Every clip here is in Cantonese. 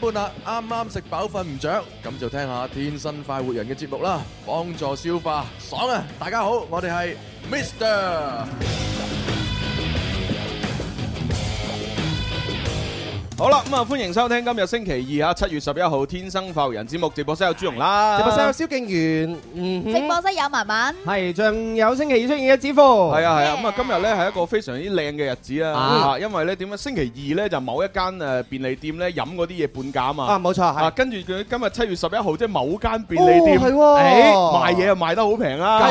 半啦，啱啱食飽瞓唔着，咁就聽下天生快活人嘅節目啦，幫助消化，爽呀！大家好，我哋係 Mr. 好啦，咁啊，歡迎收聽今日星期二啊，七月十一號，天生快活人節目，直播室有朱容啦，直播室有蕭敬源，嗯，直播室有文文，係，仲有星期二出現嘅子富，係啊係啊，咁啊今日咧係一個非常之靚嘅日子啊，因為咧點解，星期二咧就某一間誒便利店咧飲嗰啲嘢半價啊嘛，啊冇錯，係，跟住佢今日七月十一號即係某間便利店，係，賣嘢又賣得好平啦，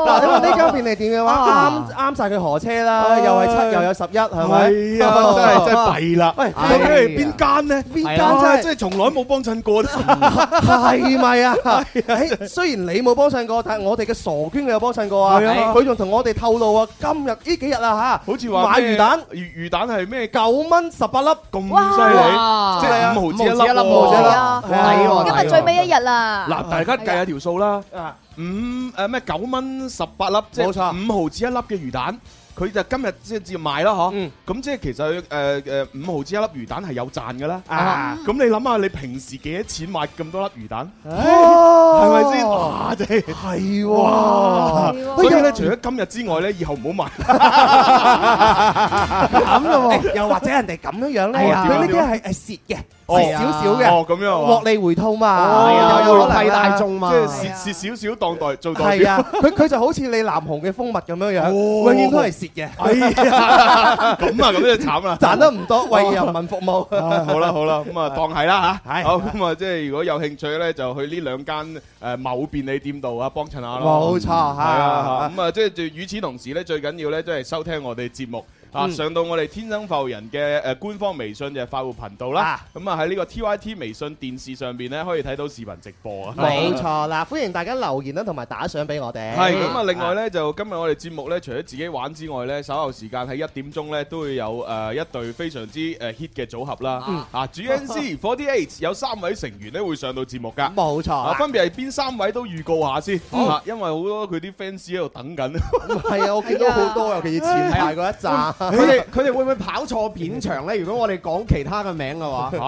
嗱，呢間便利店嘅話啱啱晒佢河車啦，又係七又有十一係咪？真係真係弊啦！喂，係邊間呢？邊間真係，即係從來冇幫襯過，係咪啊？係，雖然你冇幫襯過，但係我哋嘅傻娟佢有幫襯過啊！佢仲同我哋透露啊，今日呢幾日啊吓，好似話買魚蛋，魚魚蛋係咩？九蚊十八粒，咁犀利，即係五毫子一粒。五毫子一粒，抵！今日最尾一日啦。嗱，大家計下條數啦，五誒咩？九蚊十八粒，冇錯，五毫子一粒嘅魚蛋。佢就今日即係直接買咯，嗬。咁即係其實誒誒五毫紙一粒魚蛋係有賺嘅啦。啊，咁你諗下，你平時幾多錢買咁多粒魚蛋？係咪先？哇！真係係喎。所以咧，除咗今日之外咧，以後唔好買。咁嘅喎，又或者人哋咁樣樣咧，佢呢啲係係蝕嘅，蝕少少嘅。哦，咁樣。獲利回吐嘛，又可能大眾嘛。蝕蝕少少當代做代表。係啊，佢佢就好似你南紅嘅蜂蜜咁樣樣，永遠都係。蝕嘅，哎呀，咁啊，咁就慘啦，賺得唔多，為人民服務 好。好啦好啦，咁啊當係啦嚇。好咁啊，即、就、係、係、如果有興趣咧，就去呢兩間誒某便利店度啊幫襯下咯。冇錯係啊。咁啊即係與此同時咧，最緊要咧即係收聽我哋節目。啊！上到我哋天生快活人嘅官方微信嘅快活頻道啦，咁啊喺呢、啊、個 T Y T 微信電視上邊，咧，可以睇到視頻直播啊！冇錯啦、嗯，歡迎大家留言啦，同埋打賞俾我哋。咁啊，啊！另外咧，就今日我哋節目咧，除咗自己玩之外咧，稍後時間喺一點鐘咧都會有誒一隊非常之誒 hit 嘅組合啦。啊，GNZ Forty Eight 有三位成員咧會上到節目㗎。冇錯啦、啊，分別係邊三位都預告下先、啊啊，因為好多佢啲 fans 喺度等緊。係啊，我見到好多、哎，尤其是前排嗰一紮。哎 佢哋佢哋會唔會跑錯片場咧？如果我哋講其他嘅名嘅話，嚇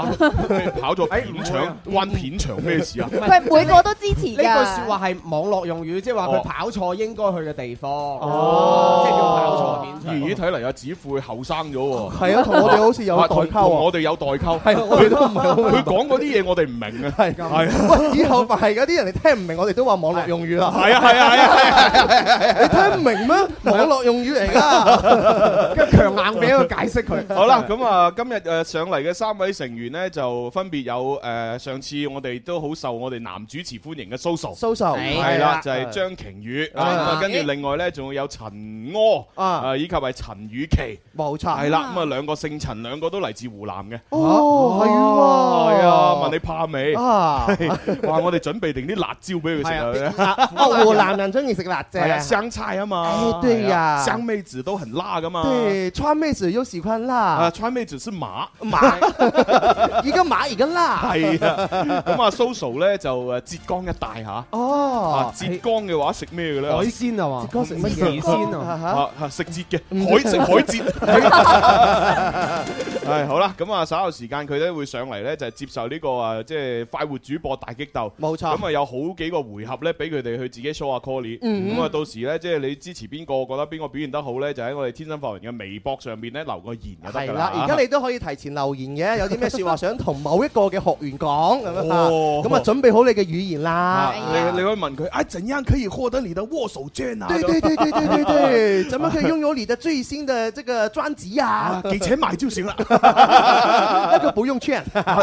跑錯誒片場關片場咩事啊？佢每個都支持。呢句説話係網絡用語，即係話佢跑錯應該去嘅地方。哦，即係叫跑錯片場。咦，睇嚟阿子富後生咗喎。係啊，同我哋好似有代溝，我哋有代溝。係我哋都唔係佢講嗰啲嘢，我哋唔明啊。係啊，喂，以後係嗰啲人哋聽唔明，我哋都話網絡用語啦。係啊，係啊，係啊，係啊，係啊！你聽唔明咩？網絡用語嚟㗎。強硬俾佢解釋佢。好啦，咁、嗯、啊，今日誒、呃、上嚟嘅三位成員咧，就分別有誒、呃、上次我哋都好受我哋男主持歡迎嘅 Soso 係啦、哎啊啊啊，就係、是、張瓊宇，啊啊嗯、跟住另外咧仲會有陳柯啊，以及係陳雨琪，冇錯，係啦，咁啊、嗯、兩個姓陳，兩個都嚟自湖南嘅、啊。哦，係、哦、喎，啊，是啊，啊，問你怕未？啊，話、啊啊啊、我哋準備定啲辣椒俾佢食。啊，湖南人中意食辣椒。係啊，香菜啊嘛。誒，對呀。湘妹子都很辣噶嘛。川妹子又喜歡辣。啊，川妹子是麻麻、 啊，一個麻一個辣，係、哦、啊。咁啊，Soso 咧就誒，浙江一帶吓。哦、欸。浙江嘅話食咩嘅咧？海鮮啊嘛。浙江食乜嘢海鮮啊？食節嘅海食海浙。係 是的、 哎、好啦，咁啊稍後時間佢咧會上嚟咧就係接受呢個啊，即、就、係、是、快活主播大激鬥。冇錯。咁啊有好幾個回合咧，俾佢哋去自己 show 下 call 嚟嗯。咁啊到時咧，即、就、係、是、你支持邊個，覺得邊個表現得好咧，就喺我哋天生發言嘅微博上面咧留個言就得㗎啦。而家、啊、你都可以提前留言嘅、啊， 有啲咩說話想同某一個嘅學員講咁 啊？咁啊，準備好你嘅語言啦。啊哎、你你可以問佢，哎，怎樣可以獲得你的握手券啊？對對對對對對對， 怎麼可以擁有你的最新的這個專輯啊？幾、啊、錢買就行了，那個不用券。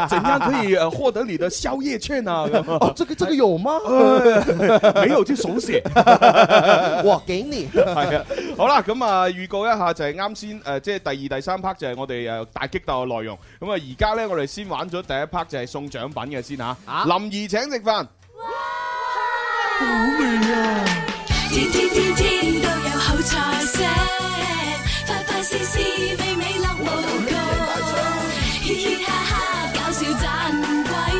怎樣可以獲得你的宵夜券啊？這 啊、這個這個有嗎？哎、 沒有就數先， 我給你。係 啊，好啦，咁啊，預告一下就係啱。先、呃、即係第二、第三 part 就係我哋大激鬥嘅內容。咁啊，而家咧我哋先玩咗第一 part 就係送獎品嘅先吓、啊，林怡請食飯，哇哇好味啊！天天天天都有好菜色，快快事事美美樂滿堂，嘻嘻哈哈搞笑盞鬼。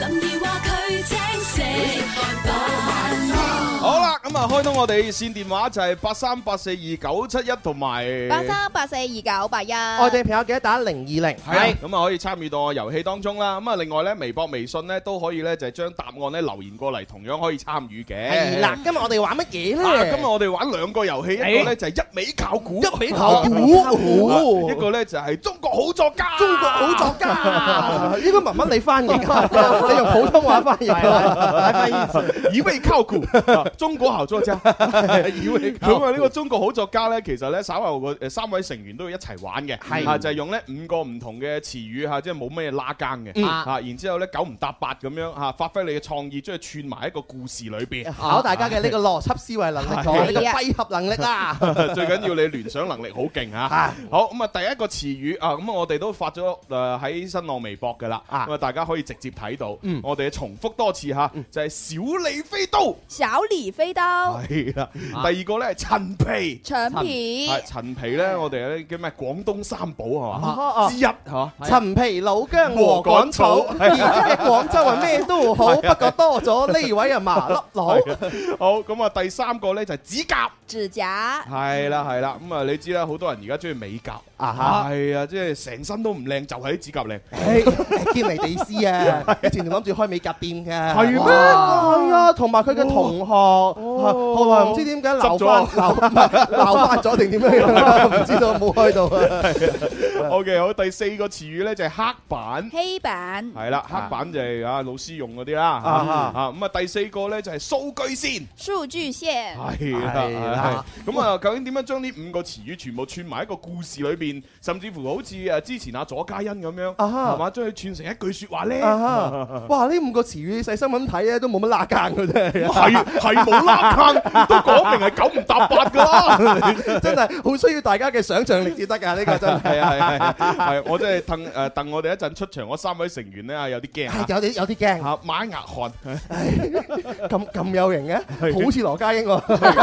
林怡話佢請食。聽到我哋熱線電話就係八三八四二九七一同埋八三八四二九八一，外地朋友記得打零二零，係咁啊，可以參與到遊戲當中啦。咁啊另外咧微博、微信咧都可以咧就係將答案咧留言過嚟，同樣可以參與嘅。係啦，今日我哋玩乜嘢咧？今日我哋玩兩個遊戲，一個咧就係一味靠估，一味靠估；一個咧就係中國好作家，中國好作家。呢個文文你翻譯啊？你用普通話翻譯啊？係咩意思？一味靠估，中國好作家。咁 為呢個中國好作家呢，其實呢，稍後個三位成員都要一齊玩嘅，係啊，就係、是、用呢五個唔同嘅詞語吓，即係冇咩拉更嘅，吓、嗯啊，然之後咧九唔搭八咁樣吓、啊，發揮你嘅創意，將、就、佢、是、串埋喺個故事裏邊，考、啊、大家嘅呢個邏輯思維能力同埋呢個閉合能力啦、啊。 最緊要你聯想能力好勁吓。好，咁啊，第一個詞語啊，咁我哋都發咗誒喺新浪微博噶啦，咁啊，大家可以直接睇到，嗯、我哋重複多次吓、嗯，就係、是、小李飛刀，小李飛刀。啊係啦，第二個咧係陳皮，陳皮係陳皮咧，我哋嗰啲叫咩？廣東三寶係嘛之一，係嘛？陳皮、老薑禾稈草，而家嘅廣州啊，咩都好，不過多咗呢位啊麻甩佬。好，咁啊，第三個咧就係指甲，指甲係啦係啦，咁啊你知啦，好多人而家中意美甲啊，係啊，即係成身都唔靚，就係啲指甲靚。誒，見微知斯啊，以前仲諗住開美甲店嘅，係咩？係啊，同埋佢嘅同學。我、哦、唔、哦、知點解留咗，留翻發咗定點樣，唔知道冇開到。啊 。OK，好。第四個詞語咧就係黑板，黑板係啦、啊，黑板就係啊老師用嗰啲啦。啊咁啊，啊，第四個咧就係數據線，數據線係係。咁啊，究竟點樣將呢五個詞語全部串埋一個故事裏邊，甚至乎好似誒之前阿左嘉欣咁樣係嘛，將、啊、佢串成一句説話咧？啊啊、哇！呢五個詞語細心咁睇咧都冇乜拉更嘅啫，係係冇拉更。 都講明係九唔搭八噶啦，真係好需要大家嘅想象力至得噶，呢個真係係啊係係，我真係等誒等我哋一陣出場嗰三位成員咧，有啲驚，有啲有啲驚，抹額汗，唉，咁咁有型嘅，好似羅家英喎，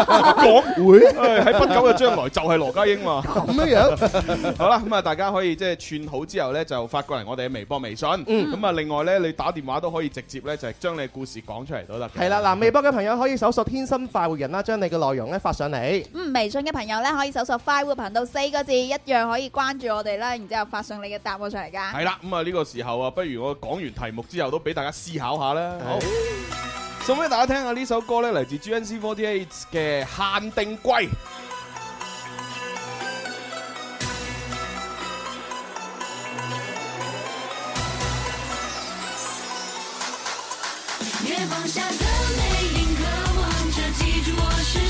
講會喺不久嘅將來就係羅家英喎，咁樣樣，好啦，咁啊大家可以即係串好之後咧，就發過嚟我哋嘅微博微信，咁啊另外咧你打電話都可以直接咧就係將你嘅故事講出嚟都得，係啦，嗱，微博嘅朋友可以搜索天生。快活人啦，將你嘅內容咧發上嚟。嗯，微信嘅朋友咧可以搜索快活頻道四個字，一樣可以關注我哋啦。然之後發上你嘅答案上嚟噶。係啦，咁啊呢個時候啊，不如我講完題目之後都俾大家思考下啦。好，送俾大家聽下呢首歌咧，嚟自 GNZ48 嘅限定龜。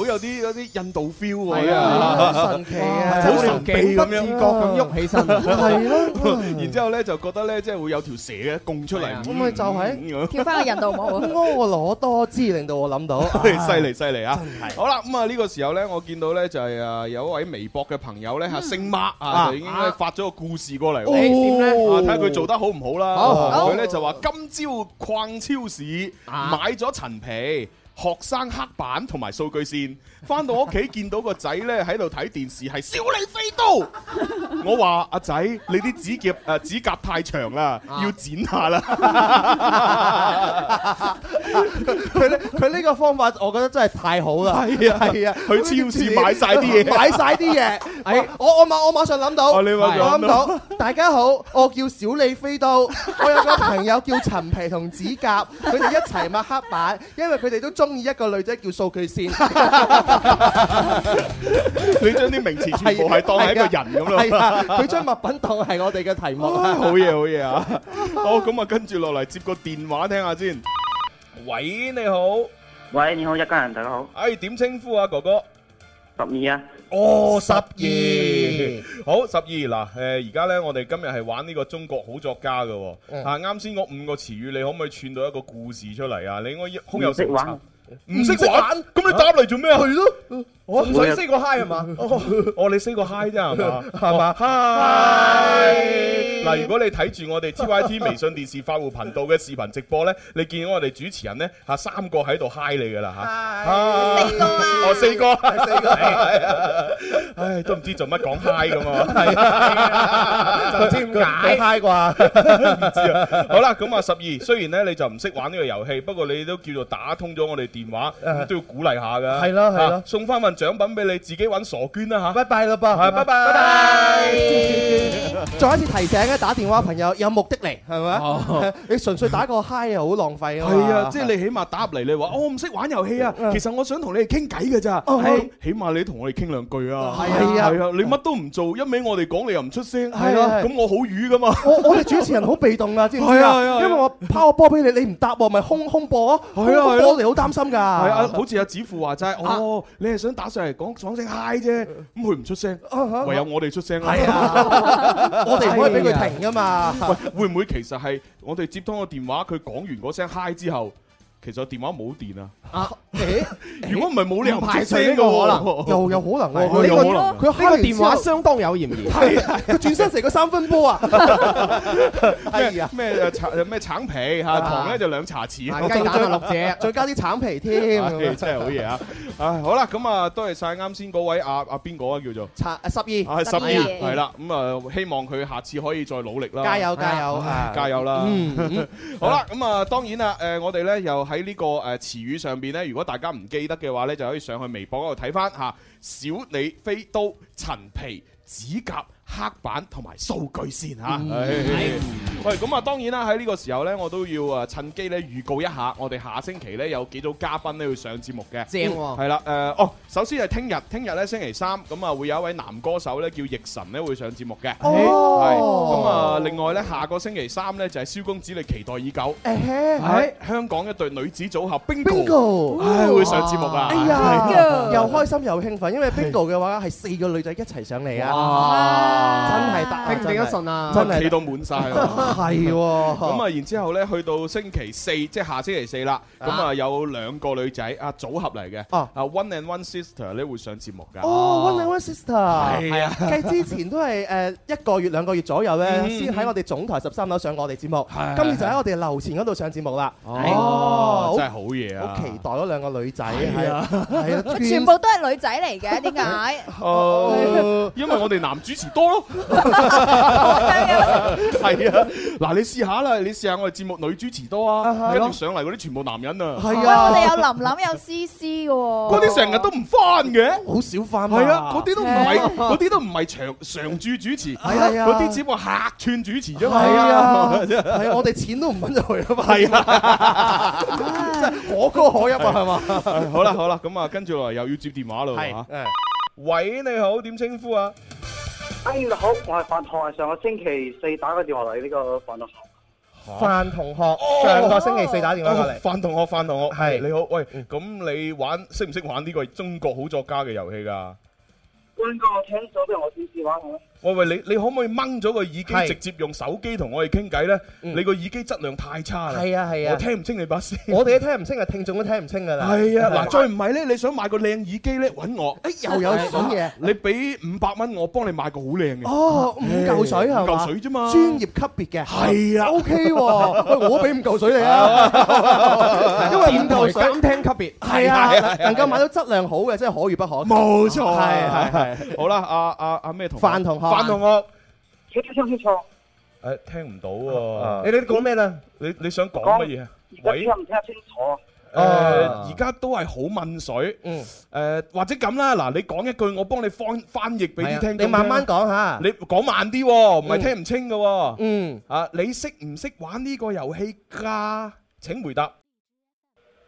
好有啲嗰啲印度 feel 喎，真係好神奇啊！好神奇咁樣，唔自覺咁喐起身，係咯。然之後咧就覺得咧，即係會有條蛇咧拱出嚟。咁咪就係跳翻個印度舞，婀娜多姿，令到我諗到，犀利犀利啊！好啦，咁啊呢個時候咧，我見到咧就係啊有一位微博嘅朋友咧嚇姓麥啊，已經咧發咗個故事過嚟。你點咧？睇下佢做得好唔好啦。佢咧就話今朝逛超市買咗陳皮。學生黑板同埋數據線，返到屋企見到個仔呢，喺度睇電視，係小李飛刀。我話阿仔，你啲指甲誒、呃、指甲太長啦，要剪下啦。佢咧佢呢個方法，我覺得真係太好啦。係啊係啊，去、啊、超市買晒啲嘢，買晒啲嘢。係、哎、我我馬我馬上諗到，啊、你我諗到 大家好，我叫小李飛刀，我有個朋友叫陳皮同指甲，佢哋一齊抹黑板，因為佢哋都中。中意一個女仔叫數據線，你將啲名詞全部係當係一個人咁咯。佢將物品當係我哋嘅題目，好嘢好嘢啊！好，咁啊，跟住落嚟接個電話聽下先。喂，你好，喂，你好，一家人大家好。哎，點稱呼啊，哥哥？十二啊？哦，十二，好，十二嗱。誒，而家咧，我哋今日係玩呢個中國好作家嘅。啊，啱先嗰五個詞語，你可唔可以串到一個故事出嚟啊？你應該好有識玩。唔識玩，咁你打嚟做咩啊？去咯。我唔使四個 hi 係嘛？哦，你四個 hi 啫係嘛？係嘛？hi 嗱，如果你睇住我哋 T Y T 微信電視發布頻道嘅視頻直播咧，你見到我哋主持人咧吓三個喺度嗨你噶啦吓，四個啊，哦四個，四個，唉、哎哎哎，都唔知做乜講 hi 咁啊？唔知點解 hi 啩？好啦，咁啊十二，雖然咧你就唔識玩呢個遊戲，不過你都叫做打通咗我哋電話，哎，都要鼓勵下噶。係啦係啦，送翻份。獎品俾你自己揾傻捐啦嚇，拜拜啦噃，係拜拜，拜拜。再一次提醒咧，打電話朋友有目的嚟係咪？你純粹打個嗨又好浪費啊！係啊，即係你起碼打入嚟你話我唔識玩遊戲啊，其實我想同你哋傾偈㗎咋，係起碼你同我哋傾兩句啊，係啊，你乜都唔做，一味我哋講你又唔出聲，係咯，咁我好淤㗎嘛。我我哋主持人好被動㗎，知唔知啊？係啊，因為我拋個波俾你，你唔答喎，咪空空播咯，空波你好擔心㗎。係啊，好似阿子富話齋，哦，你係想打。就係講講聲嗨啫，咁佢唔出聲，唯有我哋出聲啦。我哋唔可以俾佢停噶嘛？喂，會唔會其實係我哋接通個電話，佢講完嗰聲嗨之後？其實電話冇電啊！欸 電這個、啊？如果唔係冇理由唔排除呢個可能，又有可能係佢呢個電話相當有嫌疑。佢、啊、轉、啊、身成個三分波啊！咩橙咩橙皮吓、啊啊、糖咧就兩茶匙，加蛋六隻，再加啲橙皮添，真係好嘢啊！啊，猜猜啊，啊，啊，是啊， 啊好啦，咁啊多謝晒啱先嗰位阿阿邊個啊叫做茶誒十二啊十二係啦，咁啊、嗯、希望佢下次可以再努力啦！加油加油加油啦！好、啊、啦，咁啊當然啦，誒我哋咧又。喺呢個誒詞語上邊呢，如果大家唔記得嘅話呢，就可以上去微博嗰度睇翻吓。小李飛刀、陳皮、指甲。黑板同埋數據線嚇，喂咁啊！當然啦，喺呢個時候咧，我都要啊趁機咧預告一下，我哋下星期咧有幾組嘉賓咧會上節目嘅，正喎，係啦，誒哦，首先係聽日，聽日咧星期三，咁啊會有一位男歌手咧叫譯晨咧會上節目嘅，哦，咁啊另外咧下個星期三咧就係蕭公子，你期待已久，喺香港一隊女子組合 Bingo，係會上節目啊，哎呀，又開心又興奮，因為 Bingo 嘅話係四個女仔一齊上嚟啊。真係大，等一順啊！真係企到滿晒，係咁啊！啊 啊 嗯、然之後咧，去到星期四，即、就、係、是、下星期四啦。咁啊，有兩個女仔啊，組合嚟嘅啊，啊 One and One Sister 咧會上節目噶哦，哦，One and One Sister 係啊，計、啊、之前都係誒一個月兩個月左右咧，先、嗯、喺我哋總台十三樓上過我哋節目、啊，今次就喺我哋樓前嗰度上節目啦、啊。哦，真係好嘢啊！好期待嗰兩個女仔，係啊，啊，啊，全部都係女仔嚟嘅，點 解？啊、 因為我哋男主持多。係 啊，嗱，你試下啦，你試下我哋節目女主持多啊，跟住、啊、上嚟嗰啲全部男人啊，係啊，喂我哋有琳琳有詩詩嘅，嗰啲成日都唔翻嘅，好少翻，係啊，嗰啲都唔係，嗰、yeah. 啲都唔係常常駐主，主持，係啊，嗰啲節目客串主持啫，係啊，係啊， 啊，我哋錢都唔揾到佢啊 可可嘛，係啊，真係可歌可泣啊，係嘛、啊啊，好啦好啦，咁啊，跟住落嚟又要接電話咯，係、啊，喂，你好，點稱呼啊？哎、啊，好，我係范同學，上個星期四打個電話嚟呢、這個范同學。范哈同學，上個星期四打電話嚟，范、哦、同學，范同學，係是你好，喂，咁、嗯、你玩識唔識玩呢個中國好作家嘅遊戲噶？應該我請咗俾我試試玩喂喂，你你可唔可以掹咗個耳機，直接用手機同我哋傾偈咧？你個耳機質量太差啦，係啊係啊，我聽唔清你把聲。我哋都聽唔清，個聽眾都聽唔清噶啦。係啊，嗱，再唔係咧，你想買個靚耳機咧，搵我，哎又有水嘅，你俾五百蚊，我幫你買個好靚嘅。哦，五嚿水啊五嚿水啫嘛，專業級別嘅係啊，OK 喎，喂，我俾五嚿水你啊，因為五嚿水金聽級別係啊，能夠買到質量好嘅，真係可遇不可。冇錯，係係係。好啦，阿阿阿咩同飯同學。反同學，聽唔清唔清楚？誒、啊，聽唔到喎、啊。你哋講咩啦？你你想講乜嘢啊？而家聽唔聽清楚？誒、呃，而、嗯、家都係好問水。嗯。誒、呃，或者咁啦，嗱，你講一句，我幫你翻翻譯俾你聽。你聽慢慢講吓。你講慢啲，唔、嗯、係聽唔清嘅。嗯。啊，你識唔識玩呢個遊戲噶？請回答。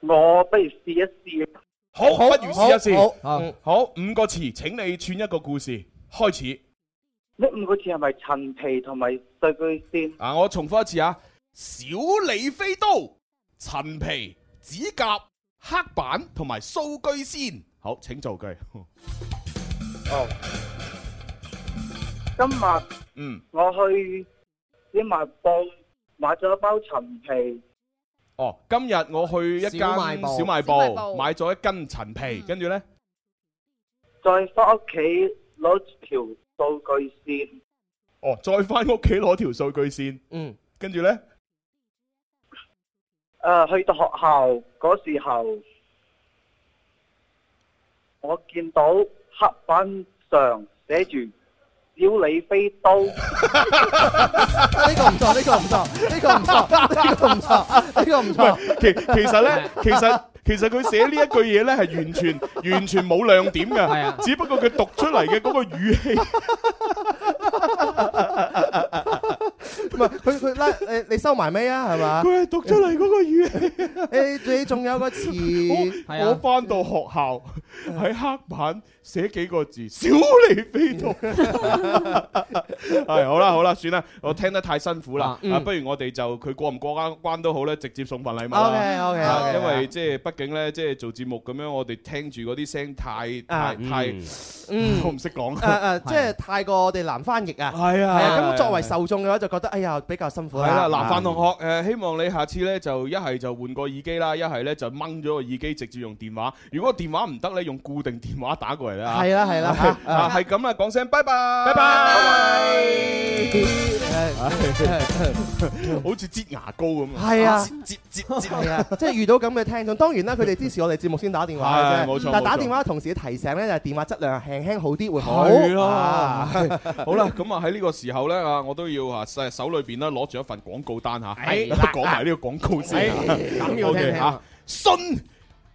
我不如試一試。好，不如試一試。好，好、好、嗯、好五個詞，請你串一個故事，開始。呢五個字係咪陳皮同埋數據線？嗱、啊，我重複一次啊，小李飛刀、陳皮、指甲、黑板同埋數據線。好，請造句。哦，今日嗯，我去小賣部買咗一包陳皮、嗯。哦，今日我去一間小賣部買咗一斤陳皮，跟住咧，再翻屋企攞條。數據線，哦，再翻屋企攞條數據線，嗯，跟住咧，誒、呃，去到學校嗰時候，我見到黑板上寫住小李飛刀， 呢 個唔錯，呢、這個唔錯，呢、這個唔錯，呢、這個唔錯，呢、這個唔錯， 其其實咧，其實。其實其實佢寫呢一句嘢呢，係完全 完全冇亮點嘅，啊，只不過佢讀出嚟嘅嗰個語氣。 唔係佢佢拉你你收埋尾、嗯、 啊，係嘛？佢係讀出嚟嗰個語氣。你你仲有個字，我翻到學校喺、嗯、黑板寫幾個字，小李飛刀。係、嗯、 好啦好啦，算啦，我聽得太辛苦啦。啊、嗯，不如我哋就佢過唔過關關都好咧，直接送份禮物、啊、OK okay、啊、OK 因為即係畢竟咧，即、就、係、是、做節目咁樣，我哋聽住嗰啲聲太太、啊、太，嗯，嗯我唔識講。誒誒，即係太過我哋難翻譯啊。係啊係啊，咁、啊啊啊啊啊啊、作為受眾嘅話，就覺得又比較辛苦。係啦，嗱，范同學，誒，希望你下次咧就一係就換個耳機啦，一係咧就掹咗個耳機，直接用電話。如果電話唔得咧，用固定電話打過嚟啦。係啦，係啦，嚇，係咁啦，講聲拜拜。拜拜。拜拜。好似擠牙膏咁啊！係啊，擠擠擠啊！即係遇到咁嘅聽眾，當然啦，佢哋支持我哋節目先打電話嘅啫。冇錯。但係打電話同時提醒咧，就係電話質量輕輕好啲會好。係咯。好啦，咁啊喺呢個時候咧啊，我都要啊手。裏邊咧攞住一份廣告單吓，講埋呢個廣告先。O K 吓，信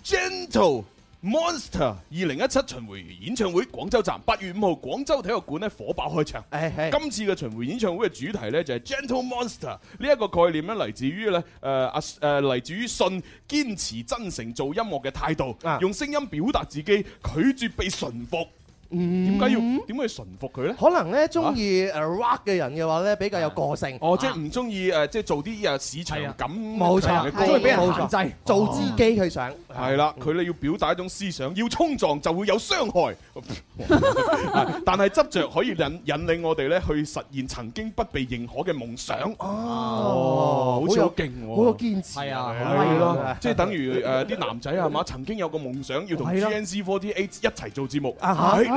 Gentle Monster 二零一七巡回演唱會廣州站八月五號廣州體育館咧火爆開場。哎、今次嘅巡回演唱會嘅主題咧就係 Gentle Monster 呢一個概念咧嚟自於咧誒阿誒嚟自於信堅持真誠做音樂嘅態度，用聲音表達自己，拒絕被馴服。嗯點解要點解要臣服佢咧、啊？可能咧中意誒 rock 嘅人嘅話咧，比較有個性。哦、啊，即係唔中意誒，即、啊、係、就是啊就是、做啲誒市場感冇錯、啊，俾、啊、人限制，做自己去想係啦。佢、啊、咧、啊啊嗯、要表達一種思想，要衝撞就會有傷害。 啊、但係執着可以引引領我哋咧去實現曾經不被認可嘅夢想、啊。哦，好似好勁，好有堅持係啊，係咯、啊，即係、啊啊啊啊啊啊就是、等於誒啲男仔係嘛，曾經有個夢想要同 G N Z Forty Eight 一齊做節目啊吓。啊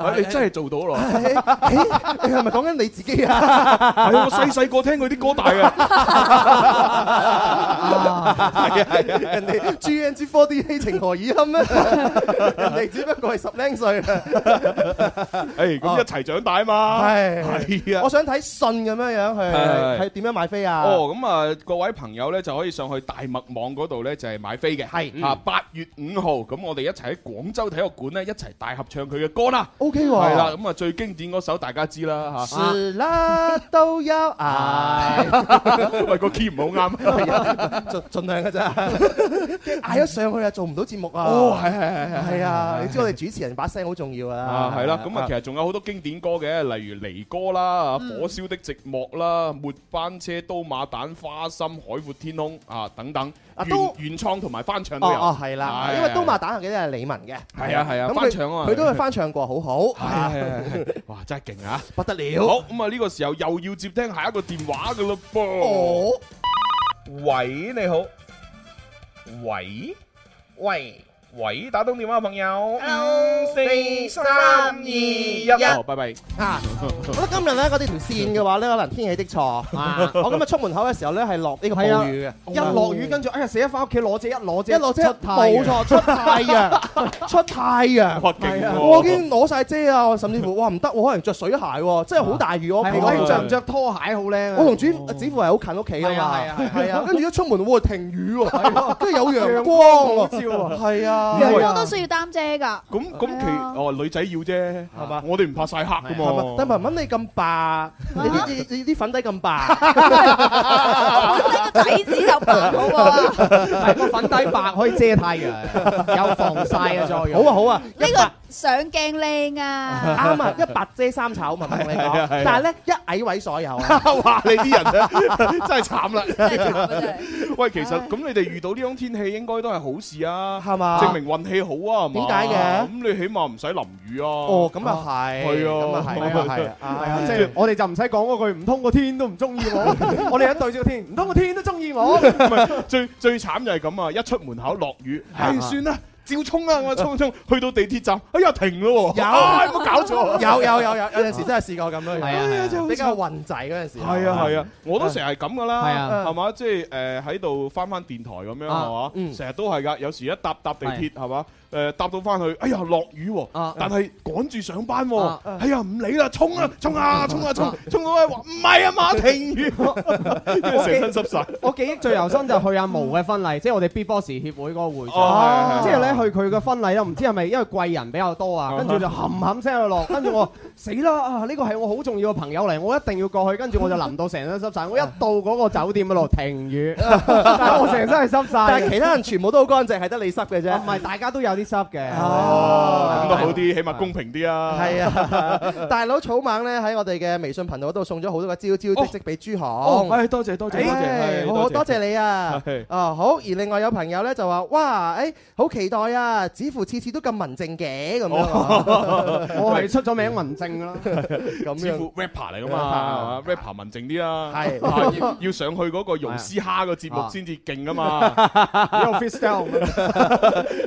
誒、哎、你真係做到咯、哎哎！你係咪講緊你自己啊？係 啊！我細細個聽佢啲歌大嘅。係啊！人哋 GNZ48 情何以堪啊！人哋只不過係十零歲啊、哎！咁一齊長大嘛！係、哦、係啊！我想睇信咁樣樣去係點樣買飛啊？哦咁啊！各位朋友咧就可以上去大麥網嗰度咧就係買飛嘅。係啊！八、嗯、月五號咁，我哋一齊喺廣州體育館咧一齊大合唱佢嘅歌啦！係、okay，啦，咁啊最經典嗰首大家知啦吓，是、啊、啦都要嗌，喂個 key 唔好啱，盡 盡 量噶咋嗌咗上去啊，做唔到節目啊，哦係係係係啊，你知我哋主持人把聲好重要啊，係啦、啊，咁啊，啊，啊，啊其實仲有好多經典歌嘅，例如離歌啦、嗯、火燒的寂寞啦、末班車、刀馬旦、花心、海闊天空啊等等。啊、都原，原創同埋翻唱都有，啊、哦係啦、哎，因為《刀馬旦》啊，嗰啲係李玟嘅，係啊係啊，咁佢佢都係翻唱過好，好好，哇，真係勁啊，不得了！好咁啊，呢個時候又要接聽下一個電話噶啦噃，喂，你好，喂喂。喂，打通電話朋友，五四三二一，哦、oh，拜拜啊！我覺得今日咧嗰條線嘅話咧，可能天氣的錯 我今日出門口嘅時候咧，係落呢個暴雨嘅、啊，一落雨跟住、嗯、哎呀，死啦！翻屋企攞遮，一攞遮，一攞遮，冇錯，出太陽，出太陽，哇 勁、 啊啊！我已經攞晒遮啊，甚至乎哇唔得，我可能着水鞋，真係好大雨、啊啊啊、哦！我唔着唔着拖鞋好靚我同主，幾乎係好近屋企噶嘛，係啊係啊，啊 跟住一出門會停雨喎，跟 住、啊、有陽光，係 啊。嗯嗯人都需要擔遮噶，咁咁其哦女仔要啫，係嘛？我哋唔怕曬黑噶嘛，但文文你咁白，你你你啲粉底咁白，粉底個底子就白好啊，粉底白可以遮太陽，有防曬嘅作用。好啊好啊，呢個上鏡靚啊，啱啊，一白遮三醜，文文你講，但係咧一矮毀所有，話你啲人咧真係慘啦。喂，其實咁你哋遇到呢種天氣應該都係好事啊，係嘛？明運氣好啊，點解嘅？咁你起碼唔使淋雨啊。哦，咁又係。係啊，咁又係。係啊，即係我哋就唔使講嗰句，唔通個天都唔中意我。 我哋一對住個天，唔通個天都中意我。 唔係，最最慘就係咁啊！一出門口落雨，係、 啊啊、算啦。照衝啊！我衝衝去到地鐵站，哎呀停咯喎！有冇、啊、搞錯？有有有有有陣時真係試過咁樣，比較暈滯嗰陣時。係啊係啊，我都成日係咁噶啦，係嘛、啊？即係誒喺度翻翻電台咁樣係嘛？成日、啊、都係噶，有時一搭搭地鐵係嘛？誒搭到翻去，哎呀落雨喎，但係趕住上班喎，哎呀唔理啦，衝啊衝啊衝啊，衝，啊衝，衝到去。話唔係啊，馬停雨，我 成身濕晒。我記憶最猶新就去阿毛嘅婚禮，嗯、即係我哋 Big Boss 協會嗰個會、啊啊，即係咧去佢嘅婚禮啦。唔知係咪因為貴人比較多啊？跟住就冚冚聲去落，跟住我死啦啊！呢個係我好重要嘅朋友嚟，我一定要過去。跟住我就淋到成身濕晒。我一到嗰個酒店嗰度停雨， 我成身係濕晒。但係其他人全部都好乾淨，係 得你濕嘅啫。唔、啊、係、啊，大家都有。啲濕嘅哦咁都好啲，起碼公平啲啊！係啊，大佬草蜢咧喺我哋嘅微信頻道嗰度送咗好多個招招即即俾朱紅，哎多謝多謝多謝，好多謝你啊！哦好，而另外有朋友咧就話：哇，哎好期待啊！似乎次次都咁文靜嘅咁樣，我係出咗名文靜咯，咁樣似乎 rapper 嚟噶嘛？rapper 文靜啲啦，係要上去嗰個融斯蝦嘅節目先至勁噶嘛？有 freestyle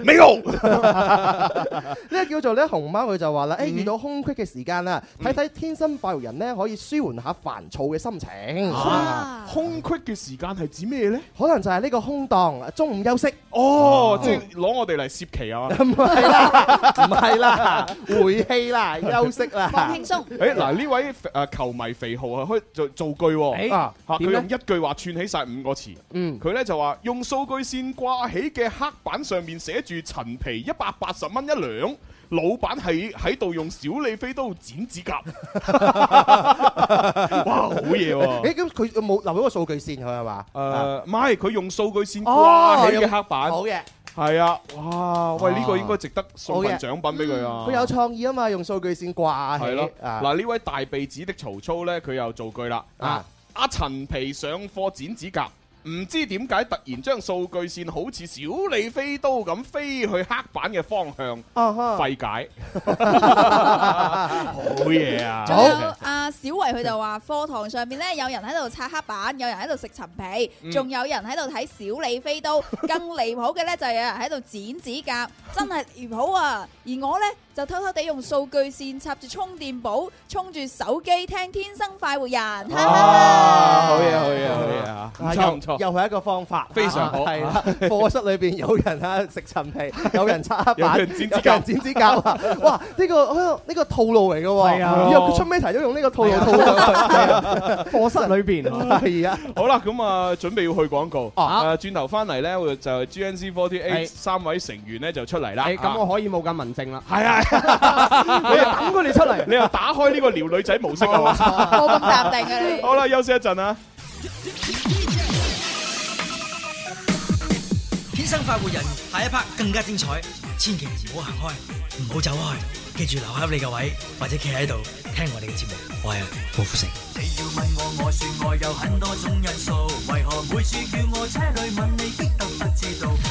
美露。呢 個叫做咧，熊貓佢就話啦，誒，遇到空隙嘅時間啊，睇、嗯、睇天生快活人呢，可以舒緩下煩躁嘅心情。啊、空隙嘅時間係指咩咧？可能就係呢個空檔，中午休息。哦，哦即係攞我哋嚟攝期啊？唔 係啦，唔係啦，回氣啦， 休息啦，放輕鬆。誒、欸，嗱呢位誒、呃、球迷肥豪可以、哦欸、啊，開做造句啊，佢用一句話串起晒五個詞。嗯，佢咧就話用數據線掛起嘅黑板上面寫住陳皮。一百八十蚊一兩，老闆係喺度用小李飛刀剪指甲，哈哈哈哈哇，好嘢、啊！誒，咁佢冇留咗個數據線佢係嘛？誒，唔係，佢用數據線掛喺黑板，好、喔、嘢？係啊哇哇，哇，喂，呢、這個應該值得送份獎品俾佢啊！佢、哦嗯、有創意啊嘛，用數據線掛起。係咯、啊，嗱，呢、啊啊、位大鼻子的曹操咧，佢又做句啦，阿、啊啊、陳皮上課剪指甲。唔知點解突然將數據線好似小李飛刀咁飛去黑板嘅方向、啊 啊，費解。好嘢啊！仲有阿小維佢就話 課堂上面呢有人喺度擦黑板，有人喺度食陳皮，仲、嗯、有人喺度睇小李飛刀。 更離譜嘅呢，就有人喺度剪指甲，真係離譜啊！而我呢，就偷偷地用數據線插住充電寶充住手機聽《天生快活人》 啊 好。好嘢，好嘢，好嘢啊！ 又係一個方法，非常好。係、啊、啦，課、啊、室裏邊有人啊食陳皮， 有人擦黑板，有人剪指甲，剪指甲啊！哇，呢個呢個套路嚟噶，喎、啊，為佢出咩題都用呢個套路套咗去。啊」課、啊、室裏邊而家好啦，咁啊準備要去廣告啊，轉頭翻嚟咧，就 G N Z Forty Eight 三位成員咧就出嚟啦。咁、啊啊欸、我可以冇咁文靜啦。係啊， 等你等佢哋出嚟，你打開呢個撩女仔模式冇咁淡定啊！好啦，休息一陣啊。天生快活人，下一 part 更加精彩，千祈唔好行開，唔好走開，記住留喺你嘅位，或者企喺度聽我哋嘅節目。我係郭富城。我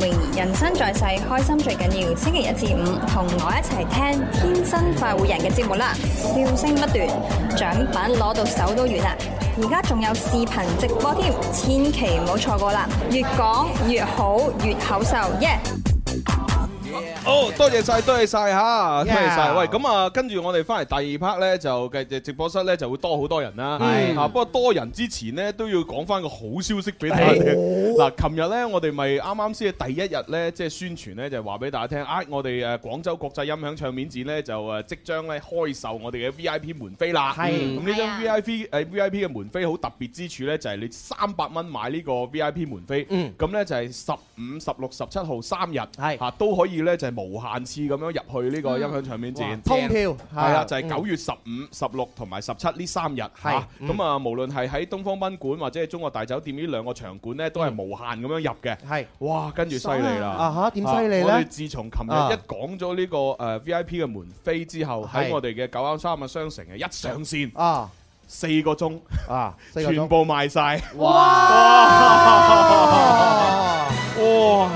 泳兒，人生在世，開心最緊要。星期一至五，同我一齊聽天生快活人嘅節目啦！笑聲不斷，獎品攞到手都軟啦！而家仲有視頻直播添，千祈唔好錯過啦！越講越好，越口秀耶！Yeah. 多謝晒，多謝晒吓，多謝晒。喂，咁啊，跟住我哋翻嚟第二 part 咧，就嘅直播室咧就會多好多人啦。係、mm. 啊，不過多人之前咧都要講翻個好消息俾大家聽。嗱，琴日咧我哋咪啱啱先第一日咧，即係宣傳咧就話俾大家聽，mm. 我哋誒廣州國際音響唱片展咧就誒即將咧開售我哋嘅 V I P 門飛啦。係、mm. 嗯，咁、嗯、呢張、啊、V I P 誒、啊、V I P 嘅門飛好特別之處咧就係、是、你三百蚊買個 VIP、mm. 呢個 V I P 門飛，咁咧就係十五、十六、十七號三日，係、mm. 吓、啊、都可以咧就冇、是。無限次咁樣入去呢個音響場面展，通票係啊，就係九月十五、十六同埋十七呢三日吓，咁啊，無論係喺東方賓館或者係中國大酒店呢兩個場館呢，都係無限咁樣入嘅。係哇，跟住犀利啦！啊哈，點犀利呢？我哋自從琴日一講咗呢個誒 V I P 嘅門飛之後，喺我哋嘅九坑三嘅商城嘅一上線啊，四個鐘啊，全部賣晒哇哇！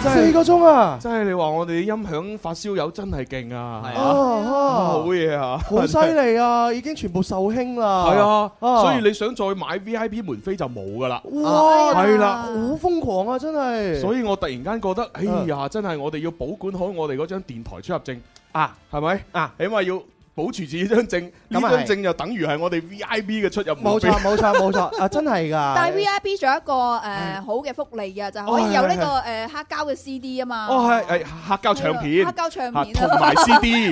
四個鐘啊！真係你話我哋啲音響發燒友真係勁啊！啊，好嘢啊！好犀利啊！已經全部售罄啦！係啊，所以你想再買 VIP 門飛就冇㗎啦！哇，係啦，好瘋狂啊！真係，所以我突然間覺得，哎呀，真係我哋要保管好我哋嗰張電台出入證啊，係咪啊？起碼要。保持住呢張證，呢張證就等於係我哋 V I P 嘅出入證。冇 錯冇錯冇錯 啊！真係㗎。但係 V I P 仲有一個誒、呃、好嘅福利啊，就可以有呢個誒黑膠嘅 C D 啊嘛。哦，係誒黑，黑膠唱片，黑膠唱片同埋 C D，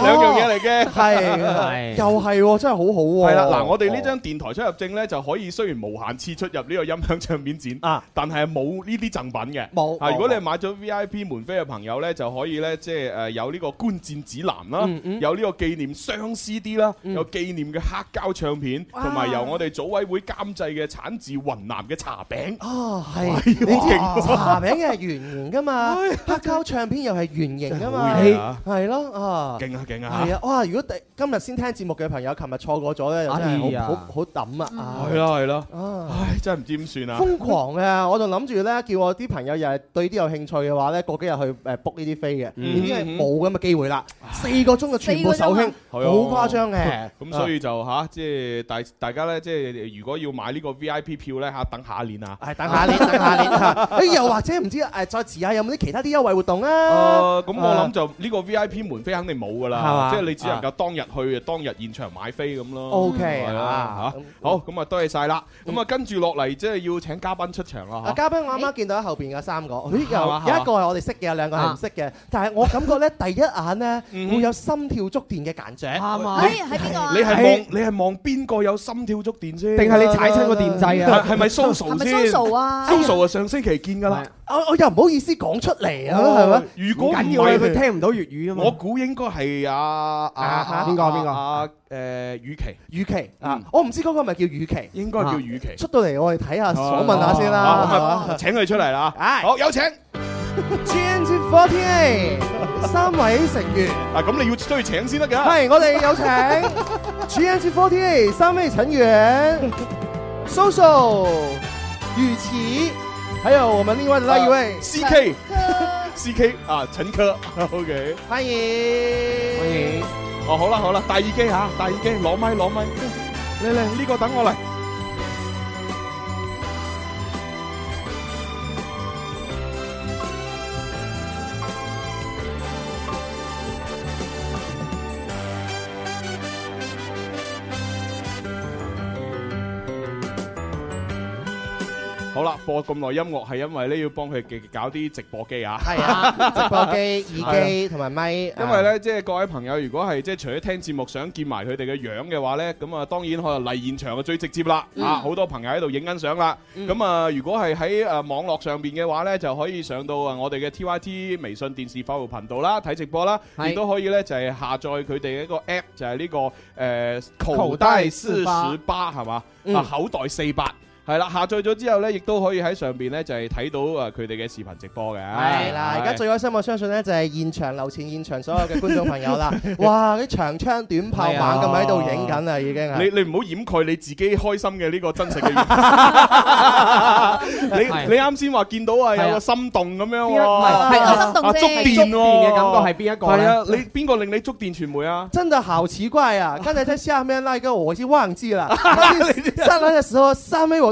兩樣嘢嚟嘅。係， 又係喎、哦，真係好好、哦、喎。係啦，嗱，我哋呢張電台出入證咧，就可以雖然無限次出入呢個音響唱片展啊，但係冇呢啲贈品嘅。冇。啊，如果你係買咗 V I P 門飛嘅朋友咧、哦，就可以咧，即係誒有呢個觀展指南啦、嗯，有呢、呢個。有紀念相思啲啦，有紀念嘅黑膠唱片，同埋由我哋組委會監製嘅產自雲南嘅茶餅。係、哎，你知茶餅嘅係圓形噶嘛、哎？黑膠唱片又係圓形噶嘛？係、哎，係咯、啊，啊，勁啊勁啊！係啊，哇！如果今日先聽節目嘅朋友，琴日錯過咗咧、哎啊哎啊哎哎哎，真係好好抌啊！係啦係啦，唉，真係唔知點算啊！瘋狂啊！我就諗住咧，叫我啲朋友又係對啲有興趣嘅話咧，過幾日去誒 book 呢啲飛嘅，點、嗯、知冇咁嘅機會啦、哎？四個鐘就全部。好興、哦，好誇張嘅。咁、嗯、所以就吓，即係大大家咧，即係如果要買呢個 V I P 票咧嚇，等下一年啊。係等下年，等下年。誒， 又或者唔知誒，再遲下有冇啲其他啲優惠活動啊？咁我諗就呢個 V I P 門飛肯定冇㗎啦，即係你只能夠當日去，當日現場買飛咁咯。O K 啦，嚇、okay, 啊嗯啊，好，咁啊，多謝晒啦。咁啊，跟住落嚟即係要請嘉賓出場啦、啊。嘉賓我啱啱見到喺後邊嘅三個，咦、欸，又有，有一個係我哋識嘅，兩個係唔識嘅。但係我感覺咧，第一眼咧會有心跳足竹電嘅簡者，喺喺邊個？你係望、啊、你係望邊個有心跳觸電先？定係、啊、你踩親個電掣係咪 Soso 係咪 Soso 啊？係咪 Soso 先？咪 Soso 啊？Soso 啊，上星期見噶啦、啊。我我又唔好意思講出嚟啊，係、哦、咪？如果唔係佢聽唔到粵語啊嘛。我估應該係啊。阿邊個邊個誒雨琪。雨琪、嗯啊。啊！我唔知嗰個咪叫雨琪。應該叫雨琪。出到嚟我哋睇下，我問下先啦。請佢出嚟啦！好有請。 GNZ48 三位成員啊，咁你要出去請先得嘅。係，我哋有請 GNZ48 三位成員，蘇蘇、宇、啊、琦，還有我們另外的那一位 C K，C K 啊，陳科。O K，歡迎歡迎。哦，好啦好啦，戴耳機吓，戴耳機，攞麥攞麥。嚟嚟，呢、這個等我嚟。好啦，播咁耐音樂係因為咧要幫佢搞啲直播機啊，係啊，直播機耳機同埋咪，因為咧，即係各位朋友，如果係即係除咗聽節目，想見埋佢哋嘅樣嘅話咧，咁啊當然可能嚟現場就最直接啦，好多朋友喺度影緊相啦。咁啊，如果係喺誒網絡上面嘅話咧，就可以上到啊我哋嘅 T Y T 微信電視服務頻道啦，睇直播啦，亦都可以咧就係下載佢哋一個 app 就係呢個誒口袋四十八係嘛啊口袋四八。係啦，下載咗之後咧，亦都可以喺上邊咧就係、是、睇到啊佢哋嘅視頻直播嘅、啊。係啦，而家最開心，我相信咧就係、是、現場流前現場所有嘅觀眾朋友啦。 哇，啲長槍短炮猛咁喺度影緊啊，已經係。你你唔好掩蓋你自己開心嘅呢個真實嘅。 你 你啱先話見到啊，啊有個心動咁樣喎、啊。唔係、啊，係個心動啫。觸、啊啊啊啊、電嘅、哦、感覺係邊一個？係啊，你邊個令你觸電傳媒啊？真係好奇怪啊！剛才在下面那一個我先忘記啦上來嘅時候上面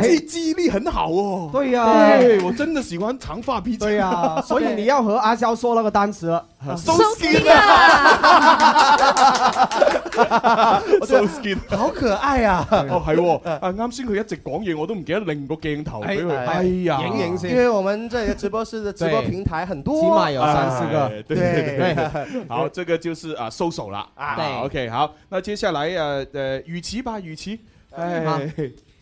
記記憶力很好哦。哎、對呀、啊，哎、欸，我真的喜歡長髮披肩。對呀、啊， 所以你要和阿嬌說那個單詞、啊。so skin。哈哈哈哈哈！so s 好可愛呀！哦，係、哦，啊，啱先佢一直講嘢，我都唔記得另個鏡頭俾佢哎。哎呀影影先，因為我們這個直播室的直播平台很多、啊， 起碼有三四個。對好，對這個就是啊，收手啦啊。對啊。OK，好，那接下來呀，呃，雨琦吧，雨琦。哎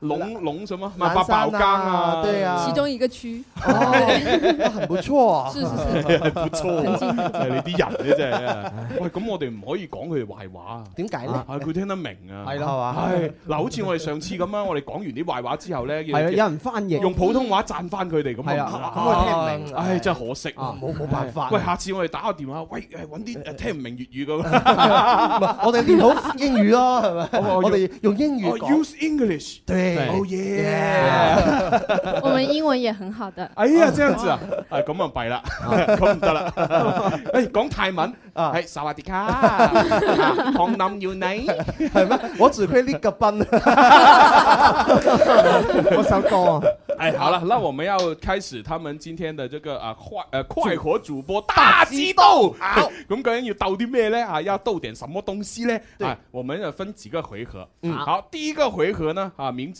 龍龍什麼？馬八寶崗啊，啊對啊，其中一個區、哦，哦、啊，很不錯、啊，是是是，不錯、啊，係你啲人、啊，嘅啫！喂、哎，咁、哎哎、我哋唔可以講佢哋壞話啊？點解咧？係、哎、佢、啊、聽得明啊？係咯，係、哎、嘛？嗱、 哎，好似我哋上次咁啊，我哋講完啲壞話之後咧，係有人翻譯用普通話讚翻佢哋咁啊，咁我聽得明。唉、啊啊哎嗯，真係、啊哎、可惜啊，冇冇辦法。喂，下次我哋打個電話，喂，搵啲誒聽唔明粵語咁，我哋練好英語咯，係咪？我哋用英語 Use English。哦耶、oh yeah, yeah. 我們英文也很好的。哎呀，這樣子啊，哎，咁啊弊啦，咁唔得啦。哎，講泰文啊，係、哎、薩瓦迪卡。唐林要你， 我只會呢個笨。 我首歌啊，哎，好啦，那我們要開始他們今天的這個啊快呃、啊、快活主播大激鬥啊，咁究竟要鬥啲咩咧啊？要鬥點什麼東西咧對啊？我們要分幾個回合？嗯，好，第一個回合呢啊，名字。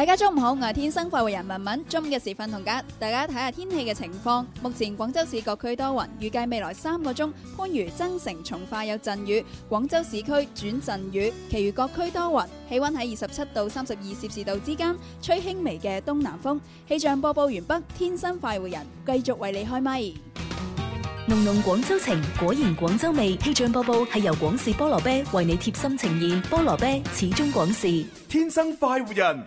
大家中午好，我係天生快活人文文。中午嘅時分同家，大家睇下天氣嘅情況。目前廣州市各區多雲，預計未來三個鐘，番禺、增城、從化有陣雨，廣州市區轉陣雨，其餘各區多雲，氣溫喺二十七到三十二攝氏度之間，吹輕微嘅東南風。氣象播報完畢，天生快活人繼續為你開咪。濃濃廣州情，果然廣州味。氣象播報係由廣視菠蘿啤為你貼心呈現。菠蘿啤始終廣視天生快活人。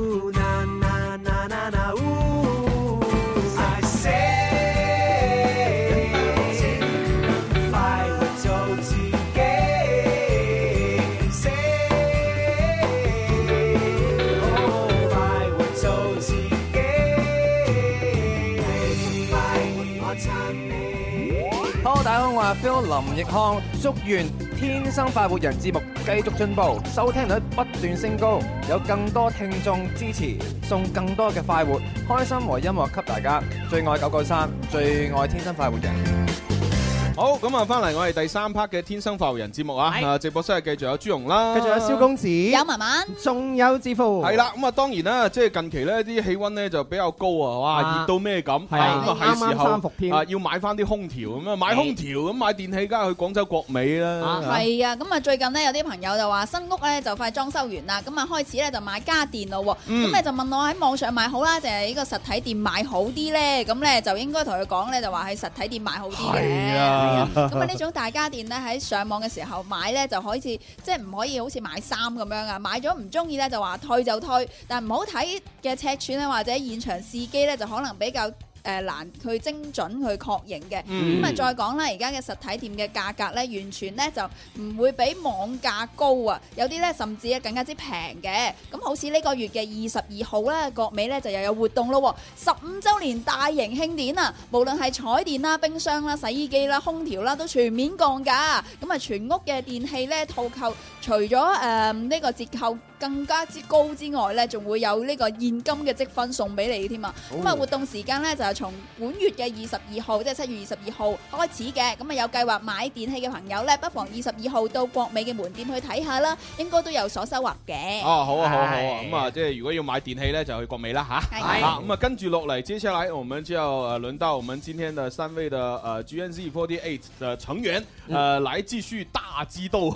Phil, 林奕匡祝願《天生快活人》節目繼續進步，收聽率不斷升高，有更多聽眾支持，送更多嘅快活、開心和音樂給大家。最愛九九三，最愛天生快活人。好咁啊，翻嚟我哋第三 part 嘅天生快活人節目啊！係，直播室繼續有朱蓉啦，繼續有蕭公子、有文文，仲有志富。係啦，咁啊當然啦，即係近期咧啲氣溫咧就比較高啊，哇，熱到咩咁？係，啱啱三伏天啊，要買翻啲空調咁啊，買空調咁買電器，梗係去廣州國美啦。係啊，咁啊最近咧有啲朋友就話新屋咧就快裝修完啦，咁啊開始咧就買家電咯。咁你就問我喺網上買好啦，定係呢個實體店買好啲咧？咁咧就應該同佢講咧就話喺實體店買好啲嘅。咁啊呢種大家電咧，喺上網嘅時候買咧，就可以即係唔可以好似買衫咁樣啊，買咗唔中意咧就話退就退，但係唔好睇嘅尺寸咧，或者現場試機咧就可能比較，誒難去精準去確認嘅，咁、嗯、啊再講啦，而家嘅實體店嘅價格咧，完全咧就唔會比網價高啊！有啲咧甚至更加之平嘅，咁好似呢個月嘅二十二號咧，國美咧就又有活動咯，十五週年大型慶典啊！無論係彩電啦、冰箱啦、洗衣機啦、空調啦，都全面降價，咁啊全屋嘅電器咧套購。除咗誒呢個折扣更加之高之外呢仲會有呢個現金嘅積分送俾你添啊。咁、哦、啊、哦、活動時間呢就係、是、從本月嘅二十二號，即係七月二十二號開始嘅。咁啊有計劃買電器嘅朋友呢，不妨二十二號到國美嘅門店去睇下啦，應該都有所收穫嘅。哦、啊，好啊，好啊，好啊。咁啊即係如果要買電器呢，就去國美啦吓，係、啊。咁、哎、啊跟住落嚟，哎、接下來我們之後誒輪到我們今天的三位的誒 GNZ Forty Eight 嘅成員誒、嗯呃、來繼續大激鬥。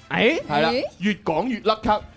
誒，係 啦，越講越甩級。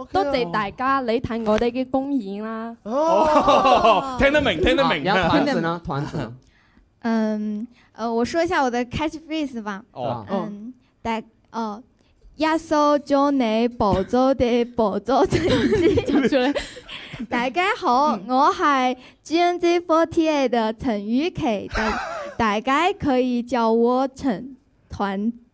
Okay. 多謝大家嚟睇我哋嘅公演啦、啊！哦、oh oh oh oh，聽得明，聽得明嘅，團散啦，團散。嗯，誒、嗯嗯，我說一下我的 catchphrase 吧。哦、oh. 嗯。Oh. 嗯。大哦，一索將你暴走的暴走成績。講唔出嚟。大家好，嗯、我係 GNZ48 的陳宇琪，大家可以叫我陳團。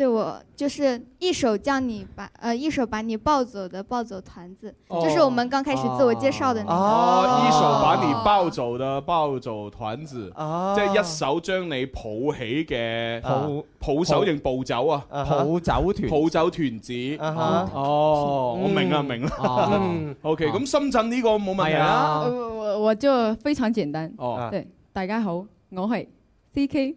對，我就是一手將你把，呃一手把你抱走的抱走團子，就是我們剛開始自我介紹的那個。哦，一手把你抱走的抱走團子，即、哦、係、就是啊啊啊啊啊，一手將你抱起嘅抱抱手型抱走啊，抱走團抱走團子。哦、啊啊啊啊啊啊啊啊，我明啦、嗯、明啦。OK，咁深圳呢個冇問題啊，啊，啊我。我就非常簡單。哦、啊，對、啊，大家好，我係 CK。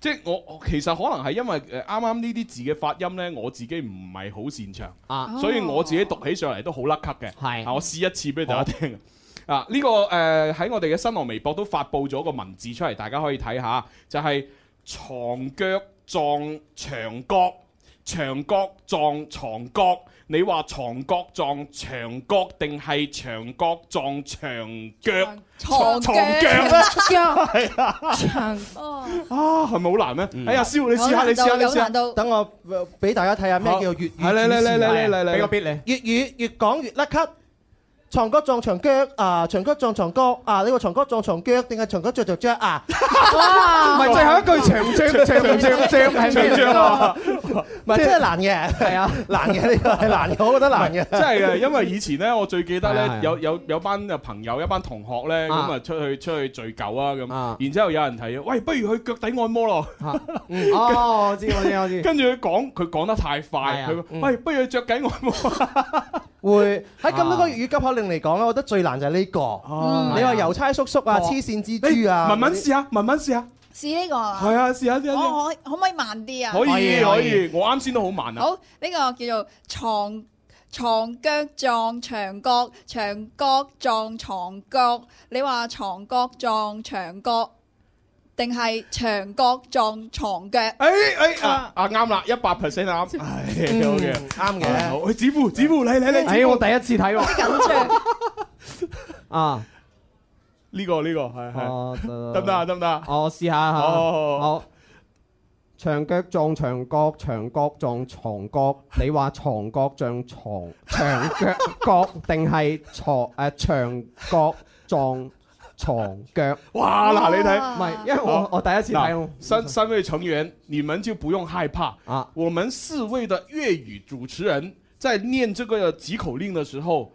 即係我，我其實可能係因為誒啱啱呢啲字嘅發音呢，我自己唔係好擅長，啊、所以我自己讀起上嚟都好甩咳嘅。係是、啊，我試一次俾大家聽。好啊，呢、這個誒喺、呃、我哋嘅新浪微博都發布咗個文字出嚟，大家可以睇下，就係、是、床腳撞牆角，牆角撞牀角。你話床角撞牆角定係牆角撞牆腳？床腳腳 床 啊！牆啊，係咪好難咩？哎呀，師傅你試下，你試下，你試下，等我俾、呃、大家睇下咩叫粵語、啊。嚟嚟嚟嚟嚟嚟俾個 beat 你。粵語越講越甩咳。牀腳撞牆腳啊，牆腳撞床角啊，你話床角撞牆腳定係牆腳着着着啊？唔係最後一句牆牆牆牆牆係牆牆咯，唔係真係難嘅，係啊，就是、難嘅呢個係難嘅，我覺得難嘅。真係嘅，Actually, 因為以前咧，我最記得咧，有有有班啊朋友，一班同學咧，咁啊出去出去聚舊啊，咁，然之後有人提咗，喂，不如去腳底按摩咯。哦，我知我知我知。跟住佢講，佢講得太快，佢話喂，不如去腳底按摩。會喺咁多個粵語急口令嚟講咧，我覺得最難就係呢個。你話郵差叔叔啊、黐線蜘蛛啊，慢慢試下，慢慢試下，試呢個。係啊，試下先。可可唔可以慢啲啊？可以可以。我啱先都好慢啊。好，呢個叫做床牀腳撞牆角，牆角撞牀腳。你話床角撞牆角，定係長角撞床腳？誒、哎、誒、哎，啊啊，啱啦，一百 percent 啱，係，好、哎、嘅，啱、嗯、嘅、okay，嗯，好。誒，子富，子富，你你你，誒、哎，我第一次睇喎，緊張、 啊這個這個。啊，呢個呢個係係，得唔得啊？得唔得啊？我試下一下，我長腳撞長角，長角撞床角。你話床角撞床長腳角，定係床誒長角撞？ 床腳、啊、哇！嗱，你睇，唔係，因為我我第一次睇、哦呃，三三位成員，你們就不用害怕啊。我們四位的粵語主持人在念這個急口令的時候。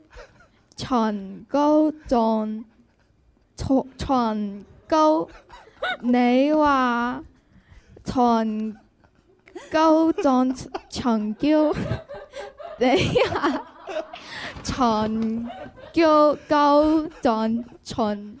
唇膏撞，唇膏，你話唇膏撞唇膏，你話唇膏撞唇膏。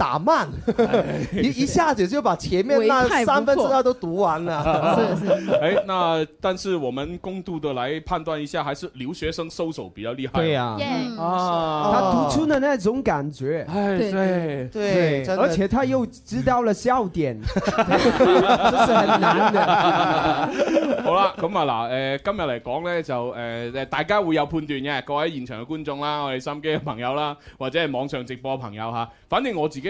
打慢，一 一下子就把前面那三分之二都讀完了。 哎，那但是我們公度的來判斷一下，還是留學生收手比較厲害、啊。對啊、啊嗯，啊，他讀出的那種感覺，哎，對對，對，而且他又知道了笑點，這 對 是很難的。 好啦，咁啊嗱，誒，今日嚟講咧就誒、呃，大家會有判斷嘅，各位現場嘅觀眾啦，我哋心機嘅朋友啦，或者係網上直播嘅朋友吓，反正我自己，